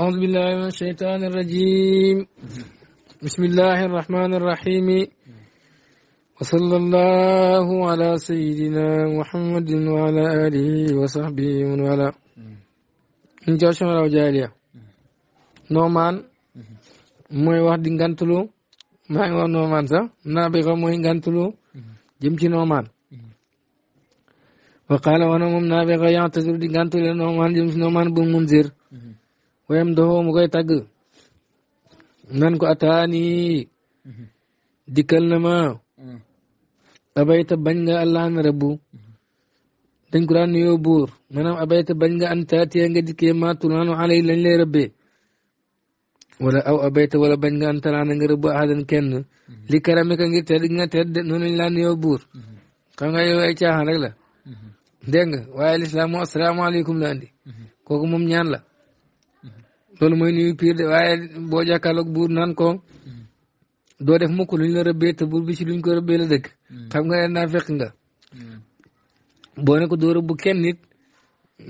أعوذ بالله من الشيطان الرجيم بسم الله الرحمن الرحيم وصلى الله على سيدنا محمد وعلى آله وصحبه ومن والاه ان جاء شمال وجاليا نومان موي واخ دي غانتلو ما هو نومان سا نابغا موي غانتلو جيمتي نومان وقال وانا مم نابغا يعتذر دي غانتلو نومان جيمتي نومان بمنذر wayam doxoo mu koy tagg nan ko ataani dikkal na ma abayta bañ nga allah na rabbu dañ ko daan nuyoo buur maanaam abayta bañ nga an taatiya nga dikkee ma tulaanu alay lañ lay rëbbee wala aw abayta wala bañ nga an talaana nga rëbbu ahadan kenn li karamika ngir tedd nga tedd noonu lañ laa nuyoo buur xam nga yow ay caaxaan rek la dégg nga waaye lislaam moo la andi kooku moom ñaan la loolu mooy nuyu piir de waaye boo jàkkaarloog buur naan ko doo def mukk luñ la rëbbee buur bi si luñ ko rëbbee la dëkk mm. xam nga ne naa nga mm. boo ne ko doo rëbb kenn nit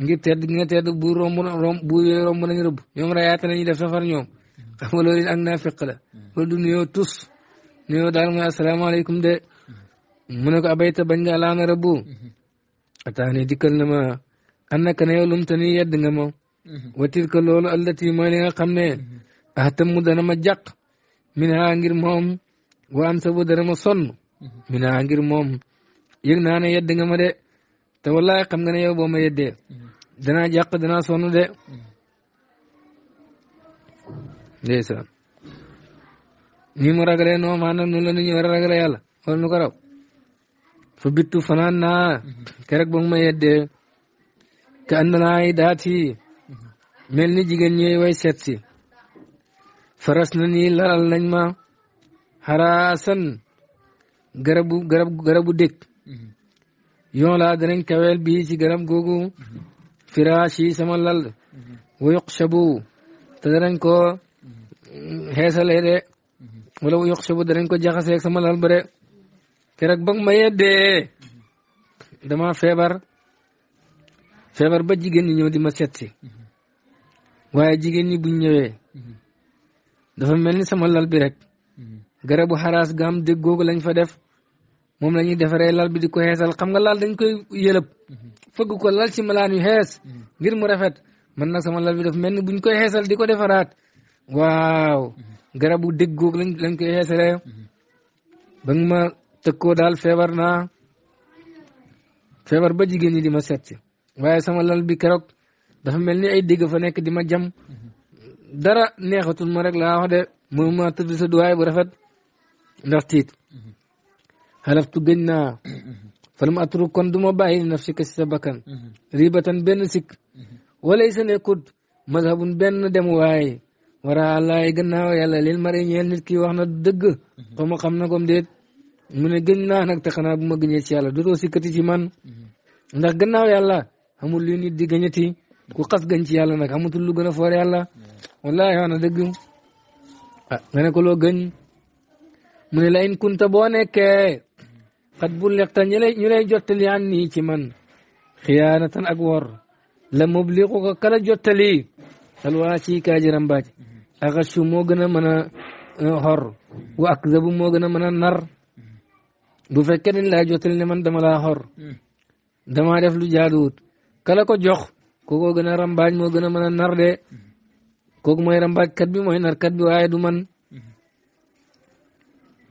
ngir tedd gi nga tedd buur romb rom buur romb nañ rëbb ñoom rayaate nañu def safar ñoom mm. xam nga loolu it ak naa fekk la loolu du nuyoo ne ko abayta bañ nga laana rëbbu mm-hmm. ataani dikkal na ma an naka ne yow ni yedd nga ma wa tilka loolu allati mooy li nga xam ne ahtamu dana ma jàq min ha ngir moom wa am sabu dana ma sonn min ha ngir moom yëg naa ne yedd nga ma de te wallaay xam nga ne yow boo ma yeddee danaa jàq danaa sonn de ndeysaan ni mu ragalee noo maanaam noonu la war ragale yàlla wala nu ko fa bittu fanaan naa mhm. kerek ba ma yeddee ka ànd daati mel ni jigéen ñi way seet si faras na nii lalal lañ ma xaraasan garabu garab garabu dëkk yoon laa kaweel bii ci garab googu firaash yi sama lal wayuq shabu te danañ ko xeesalee de wala wayuq shabu danañ ko jaxaseeg sama lal ba de keroog ba ma dama feebar feebar ba jigéen ñi ñëw di ma seet si waaye jigéen ñi buñ ñëwee dafa mel ni sama lal bi rek garabu xaraas gaam dégg googu lañ fa def moom la ñuy defaree lal bi di ko xeesal xam nga lal dañ koy yëlëb fëgg ko lal ci malaan yu xees ngir mu rafet man nag sama lal bi def mel ni buñ koy xeesal di ko defaraat waaw garabu dégg lañ lañ koy xeesalee ba nga ma tëkkoo daal feebar naa feebar ba jigéen ñi di ma seet waaye sama lal bi keroog dafa mel ni ay digg fa nekk di ma jam dara neexatul ma rek wax de mu ma tëdd sa duwaay bu rafet ndax tiit xalaftu gëñ naa falam atru kon du ma bàyyi naf si ka si sa bakkan ribatan benn sikk walay sa nekkut mazhabun benn dem waaye wara allaay gannaaw yàlla lil mari ñeel nit ki wax na dëgg xaw ma xam na comme déet mu ne gëñ naa nag te xanaa bu ma gëñee ci yàlla dootoo sikkati ci man ndax gannaaw yàlla amul lu nit di gëñati ku xas gën ci yàlla nag xamatul lu gën a foor yàlla wallaahi wax na dëgg ah nga ne loo gën mu ne la in kunta boo nekkee xat bu lexta ñu lay ñu lay jottali an nii ci man xiyaanatan ak wor la mubliqu ko kala jottali salwaa ci kaajiram mbaaj axasu moo gën a mën a xor wa akzabu moo gën a mën a nar bu fekkee dañ laa jottali ne man dama laa hmm. dama def lu jaaduwut kala ko jox kookoo gën a rambaaj moo gën a mën a nar de kooku mooy rambaajkat bi mooy narkat bi waaye du man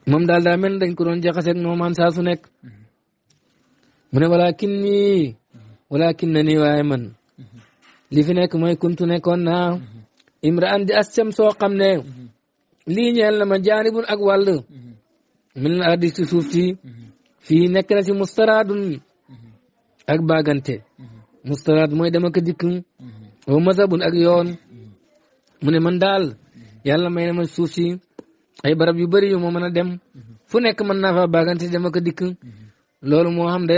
moom daal daa mel dañ ko doon jaxaseeg noomaan saa su ne walakin nii walakin na nii waaye man li fi nekk mooy kuntu nekkoon naa imraan soo xam ne li ñeel na ma jaanibun ak wàll min na ardi suuf si fii nekk na si mustaraadun ak bagante mustarad moy dama ko dikum wa mazabun ak yoon mune man dal yalla mayna ma soufi ay barab yu bari yu mo meuna dem fu nek man nafa faa dama ko dikk loolu mo xam de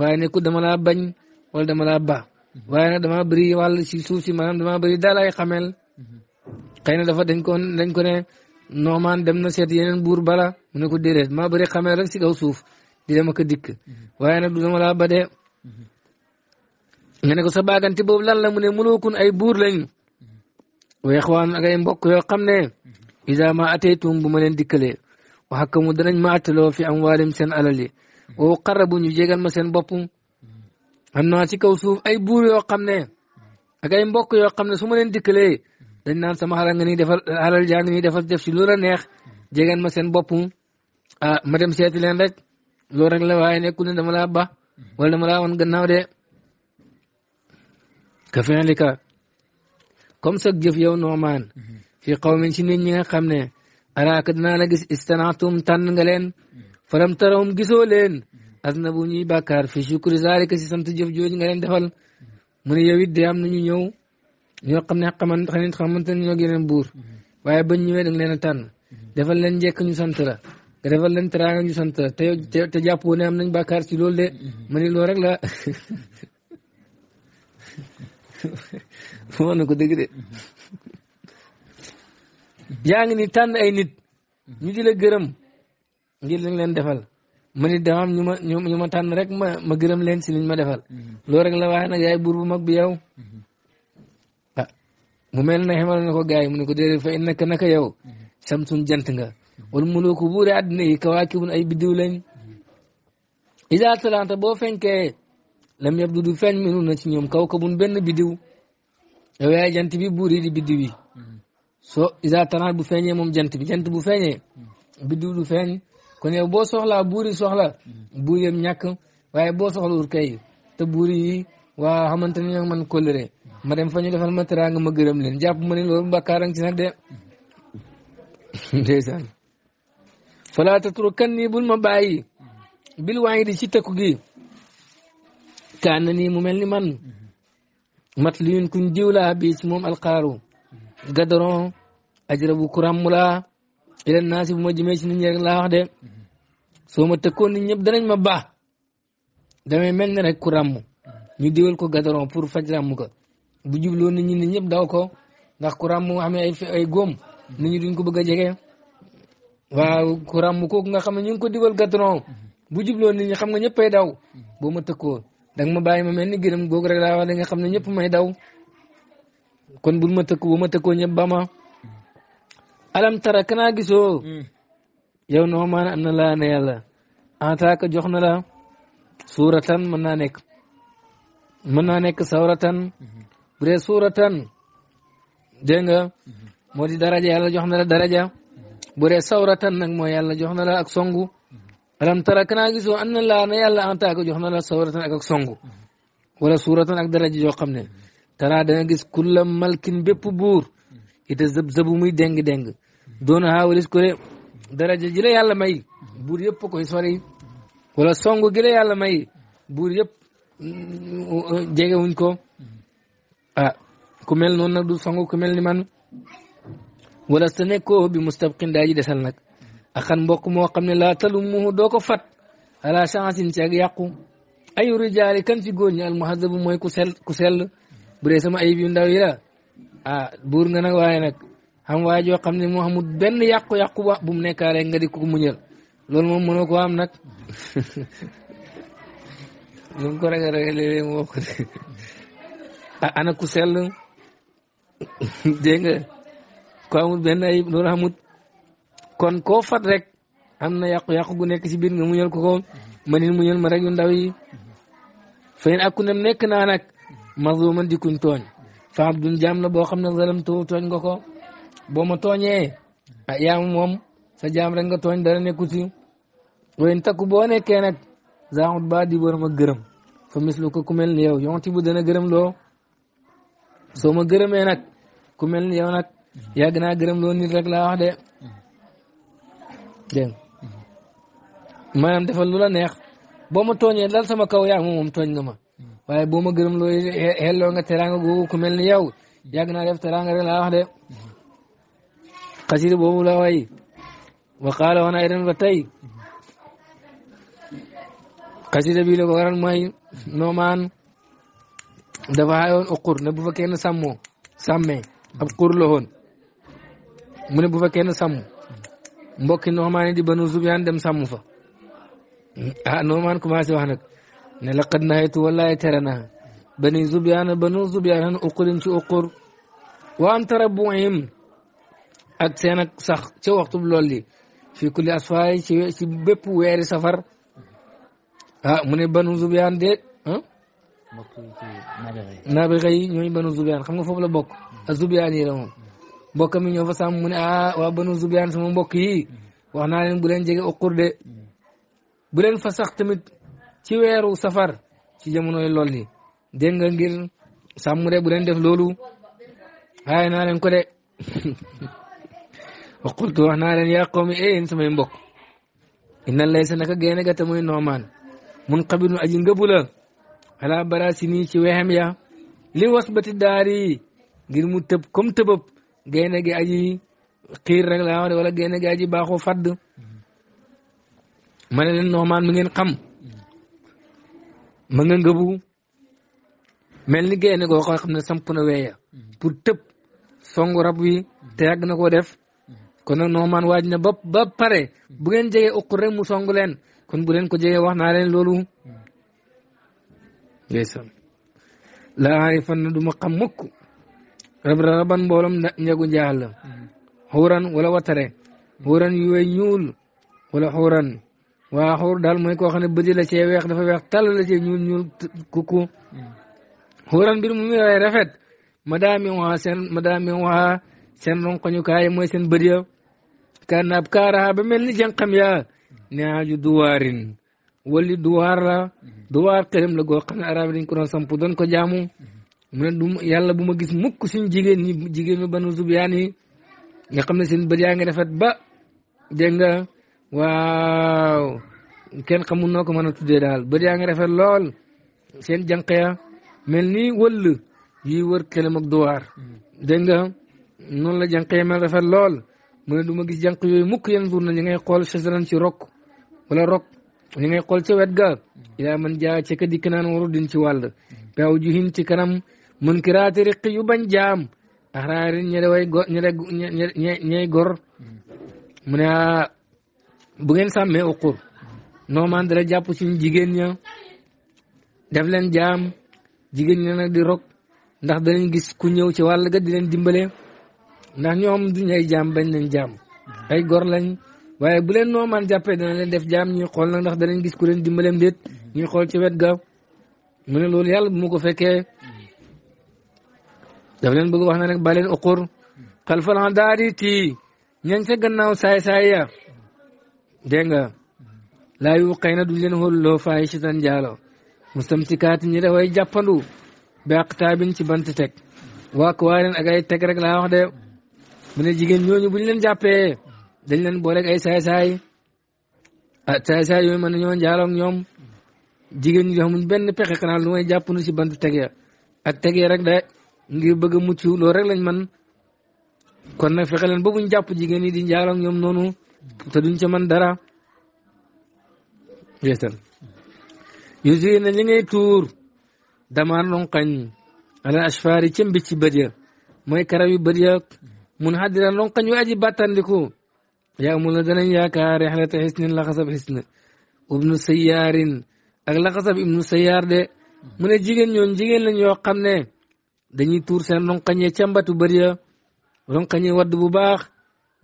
waye ne ku dama la bagn wala dama la ba waye na dama bari wal si soufi manam dama bari dal ay xamel xeyna dafa dañ ko dañ ko ne man dem na set yenen buur bala mune ko déedéet ma bari xamel rek ci gaw souf di dama ko dik waye na du dama la ba de nga ne ko sa baaganti boobu lan la mu ne mulukun ay buur lañ weex ixwaan ak mbokk yoo xam ne isa ma ateytum bu ma leen dikkalee wa xakkamu danañ ma attaloo fi amwaalim seen alal yi wow xarabu ñu jégal ma seen bopp am naa ci kaw suuf ay buur yoo xam ne ak ay yoo xam ne su ma leen dikkalee dañ naan sama alal nga ni defal alal jaa ngi ni def si lu la neex jégal ma seen bopp ah ma dem leen rek waaye nekkul ne dama laa wan gannaaw de ka fi'lika comme sa jëf yow noomaan fii qawmin si nit ñi nga xam ne araaka dinaa la gis istanaatum tànn nga leen faram tarawum gisoo leen aznabu ñuy bàkkaar fi shukri zalika si sant jëf jooju nga leen defal mu ne yow de am na ñu ñëw ñoo xam ne xamante ne xamante ne ñoo yeneen buur waaye bañ ñëwee da leen a tànn defal leen njekk ñu sant la nga defal leen teraanga ñu sant la te te jàppoo ne am nañ bàkkaar ci loolu de ma ne loolu rek la wax na ko dëgg yaa ngi ni tànn ay nit ñu di la gërëm ngir lañ leen defal ma nit dama am ma ñu ma tànn rek ma ma gërëm leen si ma defal mm-hmm. loolu rek la waaye nag yaay buur bu mag bi yow mm-hmm. ah mu mel na xamal na ko gars yi mu ne ko déedéet fa innaka naka yow mm-hmm. samsun jant nga wala muloo ko buure àddina yi kawaakibun ay biddiw lañ isa talanta boo fenkee lam yabdu du feeñ minu na ci ñoom kaw ka bun benn biddiw yow yaay jant bi buur yi di biddiw yi isa tanaat bu feeñee moom jant bi jant bu feeñee biddiw du feeñ kon yow boo soxlaa buur yi soxla buur yam ñàkk waaye boo soxlawul kay te buur yi waa xamante ne ñoo man kóllëre ma dem fa ñu defal ma teraanga ma gërëm leen jàpp ma ne loolu bakkaar ci nag de ndeysaan falaa tatrukanni bul ma bàyyi bil waa di ci tëkku gi kaan na mu mel ni man mat li yun kuñ diw laa moom alxaaru gadaron ajra bu kuram la ilan naa bu ma jëmee si nit ñi rek laa wax de soo ma tëkkoon nit ñëpp danañ ma baax damay mel ne rek ku ràmm ñu diwal ko gadaron pour faj ràmm ko bu jubloo nit ñu nit ñëpp daw ko ndax ku mu amee ay ay góom nit ñi ko bëgg a jege kooku nga xam ne ñu ngi ko diwal gadaron bu jubloo nit ñi xam nga ñëppay daw boo ma tëkkoon danga ma bàyyi ma mel ni gërëm googu rek laa wax xam ne ñëpp may daw kon bul ma tëkku bu ma tëkkoo ñëpp ba ma alam tara kanaa gisoo hmm. yow noo maan am na laa ne yàlla en tant que jox na la suuratan mën naa nekk mën naa nekk sawratan hmm. bu dee hmm. daraja yàlla jox daraja bu dee sawratan nag mooy yàlla jox ak songu alam tara kanaa gisoo an na laa ne yàlla en tant que jox na la sawratan ak ak wala suuratan ak daraja yoo xam ne tara danga gis kulla malkin bépp buur ite zëb-zëbu muy déng-déng doona haawalis ko de daraja ji la yàlla may buur yëpp koy sori wala songu gi la yàlla may buur yëpp mm, jegewuñ ko ah ku mel noonu nag du songu ku mel ni man wala sa nekkoo bi mustabqin daa ji desal nag axan mbok moo xam ne laa talumuhu doo ko fat ala chansin ci ak yàqu ayu rijaali kan ci ñi almuhazabu mooy ku sell ku sell bu dee sama ayib yu ndaw ah, buur nga nag waaye nag xam waa joo xam ne moo xamul benn yàqu-yàqu ba bu mu nekkaale nga di ko muñal loolu moom mënoo ko am nag lu ko ragal ragal mu wax ah ana ku sell dégg ko amul benn ayib loolu xamut kon koo fat rek am na yàqu-yàqu gu nekk ci biir nga muñal ko ko manit muñal ma rek yu ndaw yi fayin ak ku ne nekk naa nag mazluman di kuñ tooñ fa abdun jaam la boo xam ne zalam to tooñ nga ko boo ma tooñe a ah, yaa moom sa jaam rek nga tooñ dara nekku ci wayin takku boo nekkee nag zaxut ba di war ma gërëm fa mislu ko ku mel ni yow yonti bu dana gërëm loo soo ma gërëmee nag ku ni yow nag yàgg naa gërëm loo nit rek laa wax de dégg maanaam la neex boo ma tooñee dal sama kaw yaa moom tooñ nga ma waaye boo ma gërëm looy xelloo teraanga googu ku mel ni yow naa def teraanga rek laa wax de xasida boobu la way wa qaala wana aydan ba tey xasida bi la ko waral noomaan dafa xayoon uqur ne fa kenn sàmmoo sàmmee ab qur la mu ne fa kenn sàmmoo mbokki Nu'maan di banu Zubyaan dem sàmm fa ah Nu'maan commencé wax nag ne laqad wallahi tere naa bani Zubyaan banu Zubyaan uqulin ci uqur wa an tarabbuhum ak seen ak sax ca waxtu lool li fii kulli asfaay ci ci weeri safar ah mu ne banu Zubyaan de ah. mbokk yi ci ñooy banu Zubyaan xam nga foofu la bokk mm. ak Zubyaan yi la mbokk mi ñoo fa sàmm mu ne ah waa banu Zubyaan sama mbokk yi wax naa leen bu leen jege uqur de bu leen fa sax tamit ci weeru safar ci jamonoy lool ni dégg nga ngir sàmm de def loolu waaye naa leen ko de wa qultu wax naa leen yaa qawmi e yéen samay mbokk inna laysa naka génne ga te muy noomaan mun xabinu aji ngëbu la ala bara ci weexem ya li wasbati daari ngir mu tëb comme tëbëb génne gi aji xiir rek laa wax wala génne gi aji baaxoo fadd ma ne leen Noxmaan mi ngeen xam ma nga ngëbu mel ni génne goo xam ne samp na weeya pour tëb songu rab wi te yàgg na koo def kon nag Noxmaan waaj na ba pare bu ngeen jegee uq rek mu songu leen kon bu leen ko jegee wax naa leen loolu mm. ndeysaan laa aarifan na du ma mukk rab raban mboolom ñagu njaaxal la mm-hmm. xuuran wala watare xuuran yu wey ñuul wala xuuran wa xuur daal mooy koo xam ne bëdi la cee weex dafa weex tàll la cee ñuul ñuul kukku mm-hmm. xuuran mbir mu muy rafet madaami waa seen madaami waa seen ronkoñukaay mooy seen bëdi ya ka naab kaaraha ba mel ni jànqam yaa mm-hmm. neaju duwaarin wali duwaar la duwaar xërëm la goo xam ne arab dañ ko jaamu mu ne du yàlla bu ma gis mukk suñ jigéen ñi jigéen ñi banu zubyaan yi nga xam ne seen bët yaa ngi rafet ba dégg nga waaw kenn xamul noo ko mën a tuddee daal bët yaa ngi rafet lool seen jànq ya mel ni wëll yuy wër këlam ak duwaar dégg nga noonu la jànq ya mel rafet lool mu ne du ma gis jànq yooyu mukk yan jour na ñi ngay xool sasaran ci rok wala rok ñi ngay xool ca wet ga ilaa man jaa ca ka dikk naan waru din ci wàll gaaw juhin ci kanam munkiraati riqi yu bañ jaam axraarin ñe de way go ñey gor mu ne ah, bu ngeen sàmmee uqur noomaan dara jàpp suñu jigéen ña def leen jaam jigéen ña nag di rog ndax danañ gis ku ñëw ci wàll ga di leen dimbale ndax ñoom duñ ay jaam bañ nañ jaam ay gor lañ waaye bu leen noomaan jàppee dana leen def jaam ñuy xool nag ndax danañ gis ku leen dimbaleem déet ñuy xool ci wet ga mu ne loolu yàlla bu mu ko fekkee daf leen bëgg wax na rek baleen uqur xalfal daari tii ñañ sa gannaaw saay-saay ya dégg nga laa yu xëy na duñ leen xólloo faay si tan jaalo mustamsikaati ñi dafay jàppandu bi aqtaabin ci bant teg waa ko waa leen ak ay teg rek laa wax de mu ne jigéen ñooñu buñ leen jàppee dañ leen booleeg ay saay-saay ah saay mën nañoo jaalo ñoom jigéen ñi xamuñ benn pexe kanaan lu may jàppandu si bant teg ya ak teg ya de ngir bëgg a mucc loolu rek lañ man kon nag fexe ba buñ jàpp jigéen ñi di njaaloog ñoom noonu te duñ ca man dara yeesal yusi na li ngay tuur dama lonqañ ala ashfaar yi ca mbi ci bët ya mooy karaw yu bët ya mun xaddira lonqañ yu aji bàttandiku yaa mun na danañ yaakaar yaxlata xisnin laxasab xisna ibnu sayaarin ak laxasab ibnu sayaar de mu ne jigéen ñoom jigéen la yoo xam ne dañuy tuur seen ronqañ ya càmbatu bëri ya ronqañ ya wadd bu baax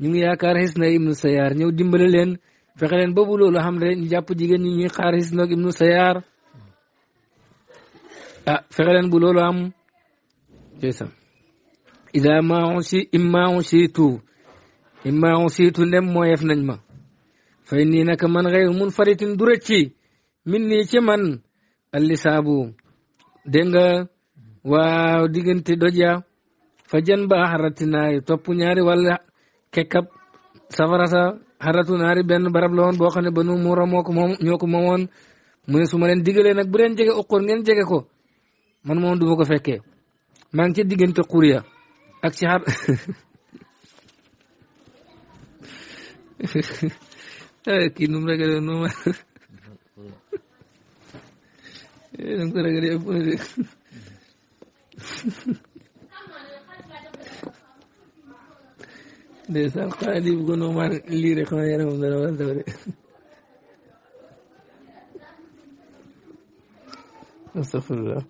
ñu ngi yaakaar xis na ibnu sayaar ñëw dimbale leen fexe leen boobu loolu xam ne ñu jàpp jigéen ñi ñuy xaar xis noog ibnu ah, bu loolu am ceysan ida ma usi imma usitu nañ ma fay nii naka man xëy mun faritin du rëcci min nii ci man allisaabu dégg nga waaw diggante doja jan ba harati naari topp ñaari walla kekkab safara sa haratu naari benn barab la woon boo xam ne ba nu muura moo ko moom ñoo ko moomoon mu ne su ma leen diggalee nag bu leen jege uqoor ngeen jege ko man moom du ma ko fekkee maa ngi ca diggante xuriya ak ci xar eh, kii num regale numa dang eh, ko na ndeysaan xaalis bu gën a mar lii rek xam yaramam dana war daw de astafurlah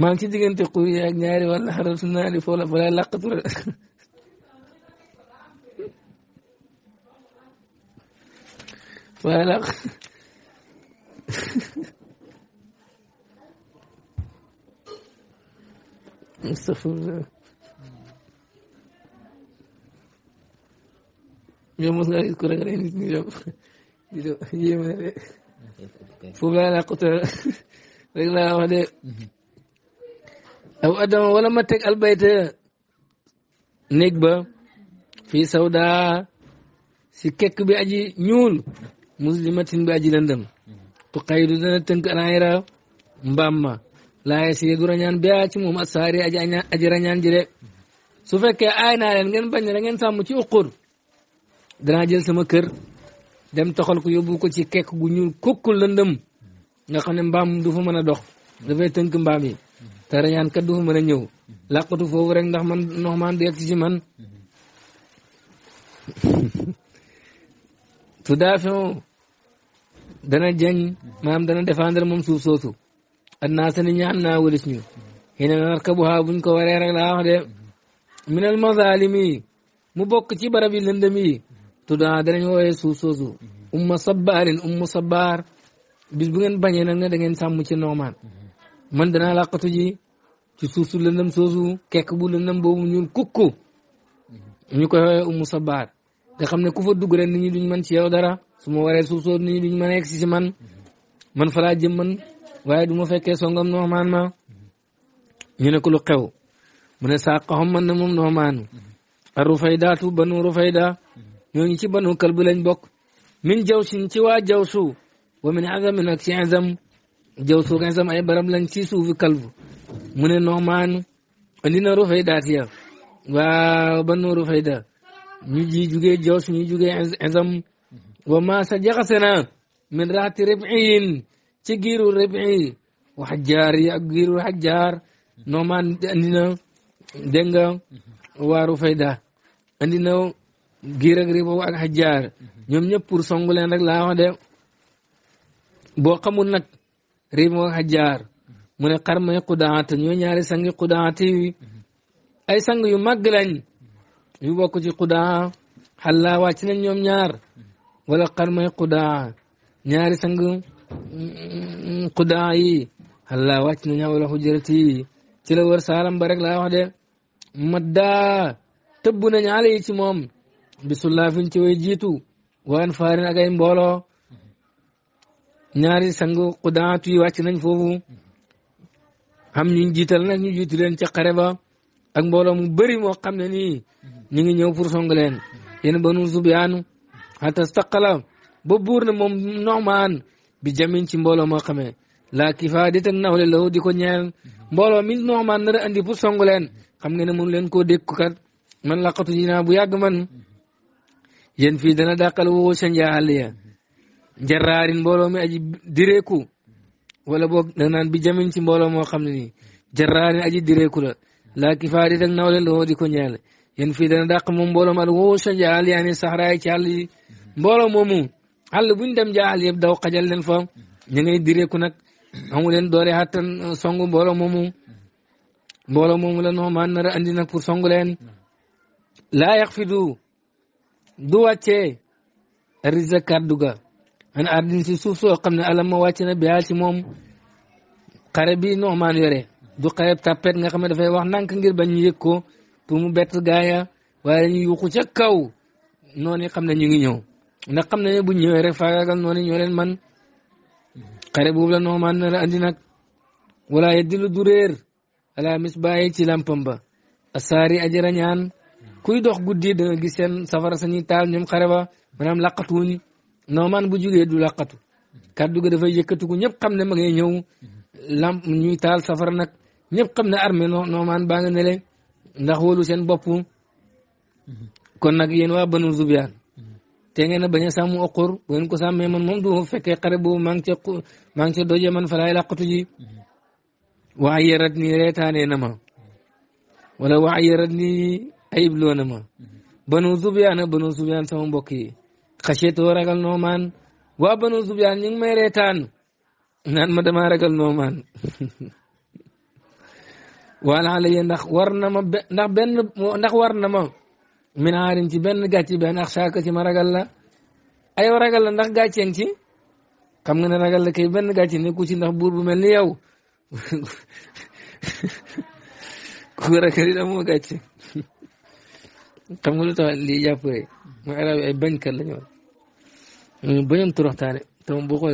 maa ngi ci diggante xuur ak ñaari wala xarab su naari foo la balaa làqatu la waaye astafurlah yow laa làqute rek laa wax ma teg albayta néeg ba fii sawda si kekk bi aji ñuul muslimatin bi aji lëndëm tu xayidu dana tënk alaayra mbaam ma laaye si du rañaan bia ci moom asaari aji rañaan ji su fekkee aay naa ngeen bañ da ngeen sàmm ci uqur danaa jël sama kër dem toxal ko yóbbu ko ci kekk gu ñuul kukkul lëndëm nga xam ne mbaam du fa mën a dox dafay tënk mbaam yi te rañaan kat du fa mën a ñëw làqatu foofu rek ndax man noxmaan du yegg si man tu daafew dana jeñ maanaam dana défendre moom suuf soosu annaasa ni ñaan naa walis ñu xëy na narkabuha buñ ko waree rek laa wax de minal mazalimi mu bokk ci barab yi lëndëm yi tuddaa danañ wooyee suuf soosu umma sabbaarin umma sabbaar bis bu ngeen bañee nag ne da ngeen sàmm ci noomaan man danaa làqatu ji ci suuf su lëndëm soosu kekk bu lëndëm boobu ñun kukku ñu koy wooyee umma sabbaar nga xam ne ku fa dugg rek nit duñ mën ci yow dara su ma waree suuf soosu nit ñi duñ mën a man man fa man waaye du ma fekkee songam Noomaan ma ñu ne ko lu xew mu ne saaqahum man na moom Noomaanu a rufaydaatu banu rufayda ñooñu ci banu kalbu lañ bokk min jawsin ci waa jawsu wa min azamin ak ci azam jawsu ak azam ay barab lañ ci suufi kalbu mu ne Noomaan andi na rufaydaat ya waa banu rufayda ñu ji jugee jawsu ñu jugee azam wa maa sa min raati ribiin ci giiru rabii wa xajaar yi ak waaru fayda andi na giir ak xajaar ñoom ñëpp pour songu leen rek de boo xamul nag riba ak xajaar mu ne xar ñoo ñaari sangi xudaata ay sang yu màgg lañ yu bokk ci xudaa xallaa wàcc nañ ñoom ñaar wala xar may xudaa ñaari sang xudaa mm, yi allah wàcc nañu wala xujjarati yi ci la wër saalam ba rek laa wax de madda tëbb nañ ala yi ci moom bisullaafin ci way jiitu waan faarin ak ay mbooloo ñaari sang xudaatu yi wàcc nañ foofu xam ñu jiital nag ñu jiitu leen ci xare ba ak mboolo mu bari moo xam ne nii ñu ngi ñëw pour song leen yéen banu Zubyaan hatta staqala ba buur na moom Nu'maan bi jamin ci mbooloo moo xamee la kifaadatan nawle lahu di ko ñeel mbooloo mi Nu'maan nar a andi pour songu leen xam nga ne mënu leen ko dékku kat man laqatu ji naa bu yàgg man yéen fii dana dàqal woo sandia àll ya jaraarin mbooloo mi aji direeku wala boog da naan bi jamin ci mbooloo moo xam ne nii jaraarin aji direeku la la kifaadatan nawle lahu di ko ñeel yéen fii dana dàq moom al woo sandia àll yaa ni ci àll yi mbooloo àll buñ dem jaal yëpp daw xajal leen fa ñu ngay direeku nag amu leen doole xattan euh, song mbooloo moomu mbooloo moomu la noomaan nar a andi nag pour song leen laa yax fi du du wàccee risa kàddu ga an ardin si suuf soo xam ne alam ma wàcce na biyaa si moom xare bi noomaan yore du xare tàppet nga xam dafay wax nànk ngir ba ñu yëg ko pour mu bett gaaya waaye dañuy yuuxu ca kaw noonu xam ne ñu ngi ñëw ndax xam na ne buñ ñëwee rek faagaagal noonu ñoo leen man xare boobu la noomaan na la andi nag wala yeddilu du réer ala mis bàyyi ci lampam ba asaari ajara ñaan kuy dox guddi da gis seen safara sañuy taal ñoom xare ba maanaam laqatuwuñ noomaan bu jugee du laqatu kàddu ga dafay yëkkatiku ñëpp xam ne ma ngay ñëw lamp ñuy taal safara nag ñëpp xam ne armée noomaan baa nga nele ndax wóolu seen bopp kon nag yéen waa banu zubiyaan te na a bañ a sàmm oqur bu ngeen ko sàmmee man moom du ma fekkee xare boobu maa ngi ca maa ngi ca doje man fa laay laqatu ji waa yarat nii reetaanee na ma wala waa yarat nii ayibloo na ma banu zubyaana banu sama mbokk yi xaseetoo ragal noomaan waa banu zubyaan ñu ngi may reetaan naan ma damaa ragal noomaan wala la ndax na ma ndax benn ndax war na ma min aarin ci benn gàcce benn ak saaka ci ma ragal la aywa ragal la ndax gàcceen ci xam nga ne ragal la kay benn gàcce nekku ci ndax buur bu mel ni yow ku ragal it amoo gàcce xam nga lu tax lii jàppee mooy arab yi ay bañkat la ñu woon bañoon toroxtaane te moom boo ko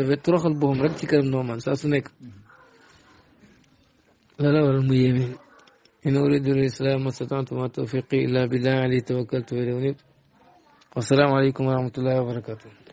ci kanam doomaam saa su nekk loolu waral mu yéeme إن أريد الإسلام ما استطعت وما توفيقي إلا بالله عليه توكلت وإليه أنيب والسلام عليكم ورحمة الله وبركاته